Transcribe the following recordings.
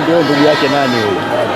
ndio ndugu yake nani huyo?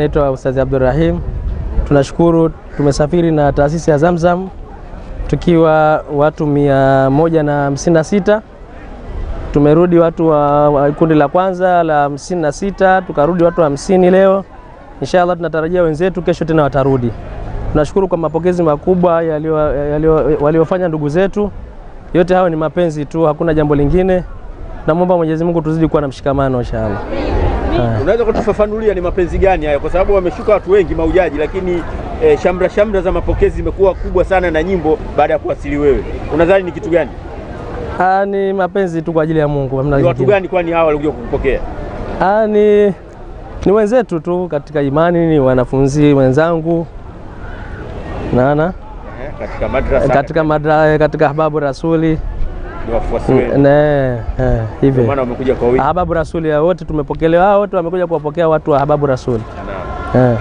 naitwa Ustazi Abdurrahim. Tunashukuru tumesafiri na taasisi ya Zamzam tukiwa watu mia moja na hamsini na sita tumerudi watu wa, wa kundi la kwanza la hamsini na sita tukarudi watu hamsini leo. Inshallah tunatarajia wenzetu kesho tena watarudi. Tunashukuru kwa mapokezi makubwa waliofanya ndugu zetu. Yote hayo ni mapenzi tu, hakuna jambo lingine. Namwomba Mwenyezi Mungu tuzidi kuwa na mshikamano inshallah unaweza ah. kutufafanulia ni mapenzi gani haya, kwa sababu wameshuka watu wengi maujaji, lakini eh, shamra shamra za mapokezi zimekuwa kubwa sana na nyimbo baada ya kuwasili wewe, unadhani ni kitu gani? Ah, ni mapenzi tu kwa ajili ya Mungu. Ni watu gani kwani hawa walikuja kukupokea? Ah, ni, ni wenzetu tu katika imani, ni wanafunzi wenzangu nana eh, katika madrasa, katika, madrasa eh, katika Hababu Rasuli Mm, ni Rasuli wote tumepokelewa, wote wamekuja kuwapokea watu wa Hababu Rasuli. Eh.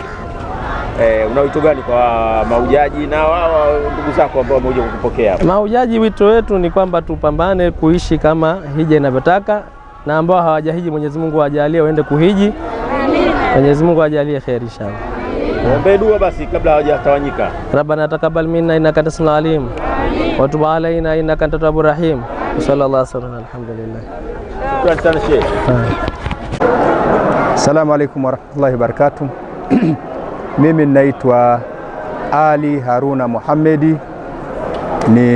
una wito gani kwa maujaji na wao ndugu zako ambao wamekuja kukupokea hapa? Maujaji, wito wetu ni kwamba tupambane kuishi kama hija inavyotaka na ambao hawajahiji Mwenyezi Mungu awajalie waende kuhiji. Mwenyezi Mungu awajalie kheri inshallah. Ombee dua basi kabla hawajatawanyika. Rabbana taqabbal minna innaka antas samiul alim alaina innaka antat tawwabur rahim. Wasallallahu sallam alhamdulillah. Shukrani sana Sheikh. Assalamu alaikum warahmatullahi wabarakatuh. Mimi naitwa Ali Haruna Muhammedi ni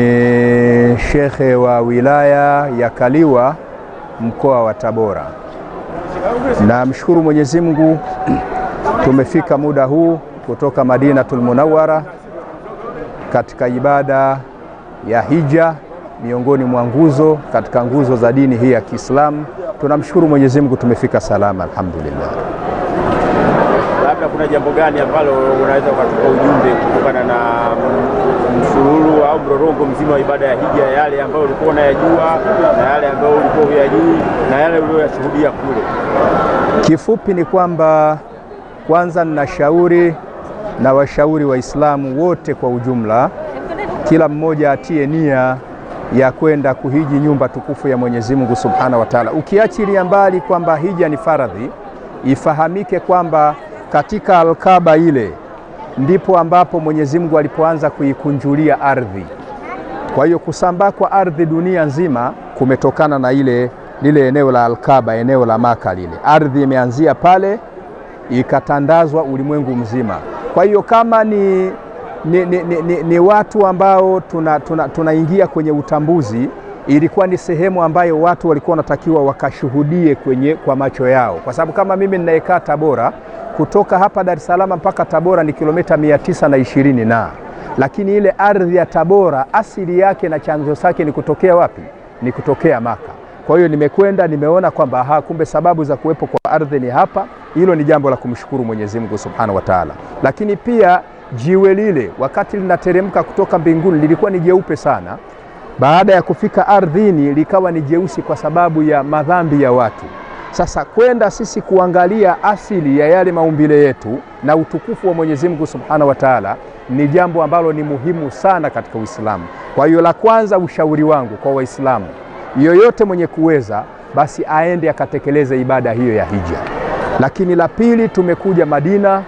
shekhe wa wilaya ya Kaliwa mkoa wa Tabora. Namshukuru Mwenyezi Mungu tumefika muda huu kutoka Madinatul Munawwara katika ibada ya hija miongoni mwa nguzo katika nguzo za dini hii ya Kiislamu. Tunamshukuru Mwenyezi Mungu tumefika salama alhamdulillah. Labda kuna jambo gani ambalo unaweza ukatupa ujumbe kutokana na msururu au mrorongo mzima wa ibada ya hija, yale ambayo ulikuwa unayajua na yale ambayo ulikuwa huyajui na yale ulioyashuhudia kule? Kifupi ni kwamba kwanza, ninashauri na washauri Waislamu wote kwa ujumla, kila mmoja atie nia ya kwenda kuhiji nyumba tukufu ya Mwenyezi Mungu Subhanahu wa Ta'ala. Ukiachilia mbali kwamba hija ni faradhi, ifahamike kwamba katika Alkaba ile ndipo ambapo Mwenyezi Mungu alipoanza kuikunjulia ardhi. Kwa hiyo kusambaa kwa ardhi dunia nzima kumetokana na ile lile eneo la Alkaba, eneo la Maka lile. Ardhi imeanzia pale ikatandazwa ulimwengu mzima. Kwa hiyo kama ni ni, ni, ni, ni watu ambao tunaingia tuna, tuna kwenye utambuzi. Ilikuwa ni sehemu ambayo watu walikuwa wanatakiwa wakashuhudie kwenye kwa macho yao, kwa sababu kama mimi ninayekaa Tabora, kutoka hapa Dar es Salaam mpaka Tabora ni kilomita ishirini na lakini ile ardhi ya Tabora asili yake na chanzo chake ni kutokea wapi? Ni kutokea Maka. Kwa hiyo nimekwenda nimeona kwamba ha, kumbe sababu za kuwepo kwa ardhi ni hapa. Hilo ni jambo la kumshukuru Mwenyezi Mungu Subhanahu wa Ta'ala, lakini pia Jiwe lile wakati linateremka kutoka mbinguni lilikuwa ni jeupe sana, baada ya kufika ardhini likawa ni jeusi kwa sababu ya madhambi ya watu. Sasa kwenda sisi kuangalia asili ya yale maumbile yetu na utukufu wa Mwenyezi Mungu Subhanahu wa Ta'ala ni jambo ambalo ni muhimu sana katika Uislamu. Kwa hiyo, la kwanza, ushauri wangu kwa Waislamu, yoyote mwenye kuweza basi aende akatekeleze ibada hiyo ya hija. Lakini la pili, tumekuja Madina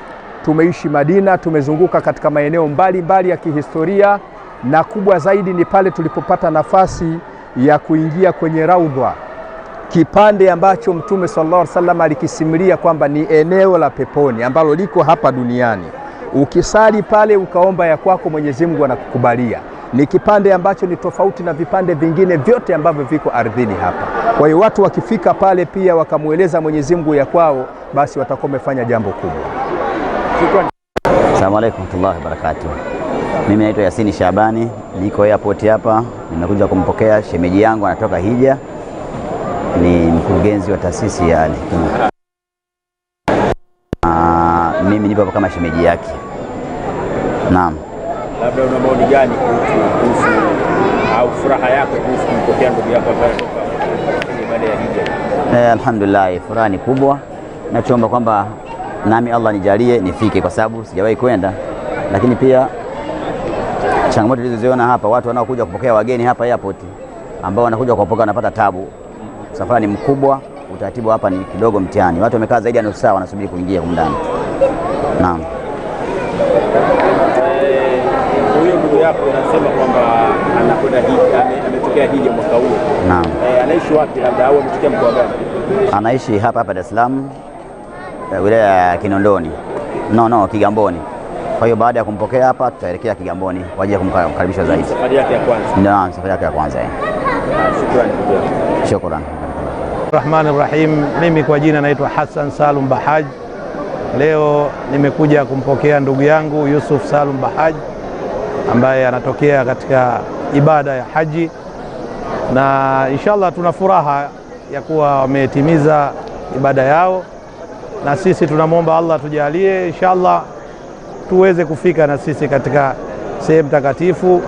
tumeishi Madina, tumezunguka katika maeneo mbalimbali ya kihistoria, na kubwa zaidi ni pale tulipopata nafasi ya kuingia kwenye raudha, kipande ambacho Mtume sallallahu alaihi wasallam alikisimulia kwamba ni eneo la peponi ambalo liko hapa duniani. Ukisali pale ukaomba ya kwako, Mwenyezi Mungu anakukubalia. Ni kipande ambacho ni tofauti na vipande vingine vyote ambavyo viko ardhini hapa. Kwa hiyo watu wakifika pale pia wakamweleza Mwenyezi Mungu ya kwao, basi watakuwa wamefanya jambo kubwa. Shukrani. Asalamu alaykum warahmatullahi wabarakatuh. Mimi naitwa Yasini Shabani, niko airport hapa, nimekuja kumpokea shemeji yangu anatoka hija, ni mkurugenzi wa taasisi ya ali hikma ah, Mimi nipo kama shemeji yake. Naam. Labda una maoni gani kuhusu au furaha yako kuhusu kumpokea ndugu yako ambaye anatoka ya hija? Eh, alhamdulillah furaha ni kubwa, nachoomba kwamba nami Allah nijalie nifike, kwa sababu sijawahi kwenda. Lakini pia changamoto tulizoziona hapa, watu wanaokuja kupokea wageni hapa airport, ambao wanakuja kuwapokea wanapata tabu. Safari ni mkubwa, utaratibu hapa ni kidogo mtihani. Watu wamekaa zaidi ya nusu saa wanasubiri kuingia huko ndani. Naam. Hapo anasema kwamba anakwenda ametokea Hija mwaka huu. Naam. Eh, anaishi wapi labda au ametokea mkoa gani? Anaishi hapa hapa Dar es Salaam. Eh, wilaya ya Kinondoni, no no, Kigamboni. Kwa hiyo baada ya kumpokea hapa, tutaelekea Kigamboni kwa ajili ya kumkaribisha zaidi. Safari yake ya kwanza, ndio safari yake ya kwanza. Eh. shukran. Rahmani Rahim. Mimi kwa jina naitwa Hassan Salum Bahaj. Leo nimekuja kumpokea ndugu yangu Yusuf Salum Bahaj ambaye anatokea katika ibada ya haji, na inshallah tuna furaha ya kuwa wametimiza ibada yao na sisi tunamwomba Allah tujalie inshallah tuweze kufika na sisi katika sehemu takatifu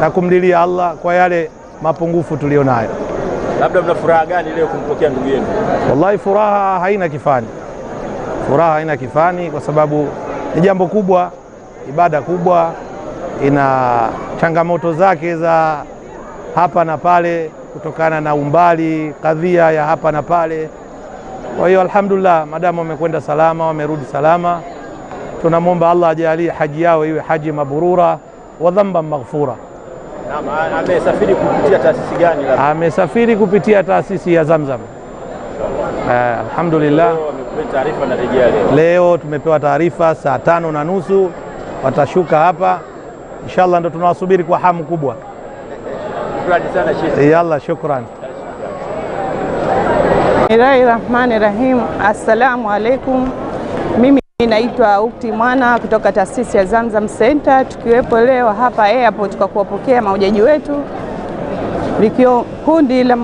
na kumlilia Allah kwa yale mapungufu tulionayo. Labda mna furaha gani leo kumpokea ndugu yenu? Wallahi, furaha haina kifani, furaha haina kifani, kwa sababu ni jambo kubwa, ibada kubwa, ina changamoto zake za hapa na pale, kutokana na umbali, kadhia ya hapa na pale. Kwa hiyo alhamdulillah, madamu wamekwenda salama, wamerudi salama, tunamwomba Allah ajalie haji yao iwe haji mabrura wa dhamban maghfura. Amesafiri kupitia taasisi gani? Amesafiri kupitia taasisi ya Zamzam. Eh, alhamdulillah leo. Leo tumepewa taarifa saa tano na nusu watashuka hapa inshallah, ndo tunawasubiri kwa hamu kubwa. Yalla, shukran. Bismillahi rahmani rahim. Assalamu alaikum. Mimi naitwa Ukti Mwana kutoka taasisi ya Zamzam Center, tukiwepo leo hapa airport kwa kuwapokea mahujaji wetu, likio kundi la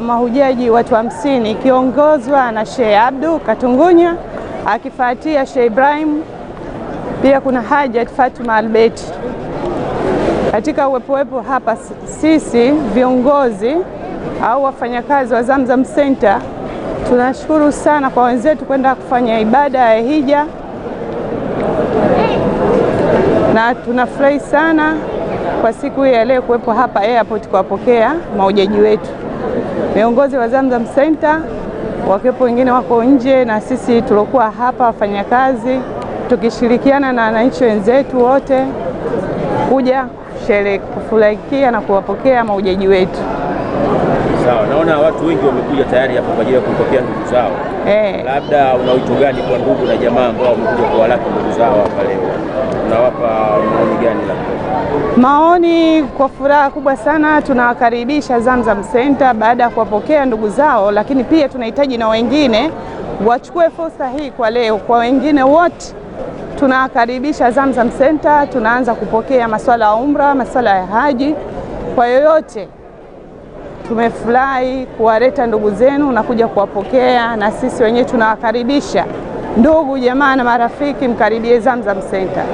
mahujaji watu hamsini ikiongozwa na Sheikh Abdu Katungunya akifuatia Sheikh Ibrahim, pia kuna Hajat Fatuma Albeti. Katika uwepowepo hapa sisi viongozi au wafanyakazi wa Zamzam Center Tunashukuru sana kwa wenzetu kwenda kufanya ibada ya hija na tunafurahi sana kwa siku hii ya leo kuwepo hapa airport kuwapokea mahujaji wetu, viongozi wa Zamzam Center wakiwepo, wengine wako nje, na sisi tuliokuwa hapa wafanyakazi, tukishirikiana na wananchi wenzetu wote kuja kusherehekea na kuwapokea mahujaji wetu sawa. Naona watu wengi wamekuja tayari hapa kwa ajili ya kupokea ndugu zao eh. Labda una wito gani kwa ndugu na jamaa ambao wamekuja kuwalaki ndugu zao hapa leo? Unawapa maoni gani? Labda maoni kwa furaha kubwa sana tunawakaribisha Zamzam Center baada ya kuwapokea ndugu zao, lakini pia tunahitaji na wengine wachukue fursa hii kwa leo. Kwa wengine wote tunawakaribisha Zamzam Center, tunaanza kupokea masuala ya umra, masuala ya haji kwa yoyote Tumefurahi kuwaleta ndugu zenu na kuja kuwapokea, na sisi wenyewe tunawakaribisha ndugu, jamaa na marafiki, mkaribie Zamzam Center.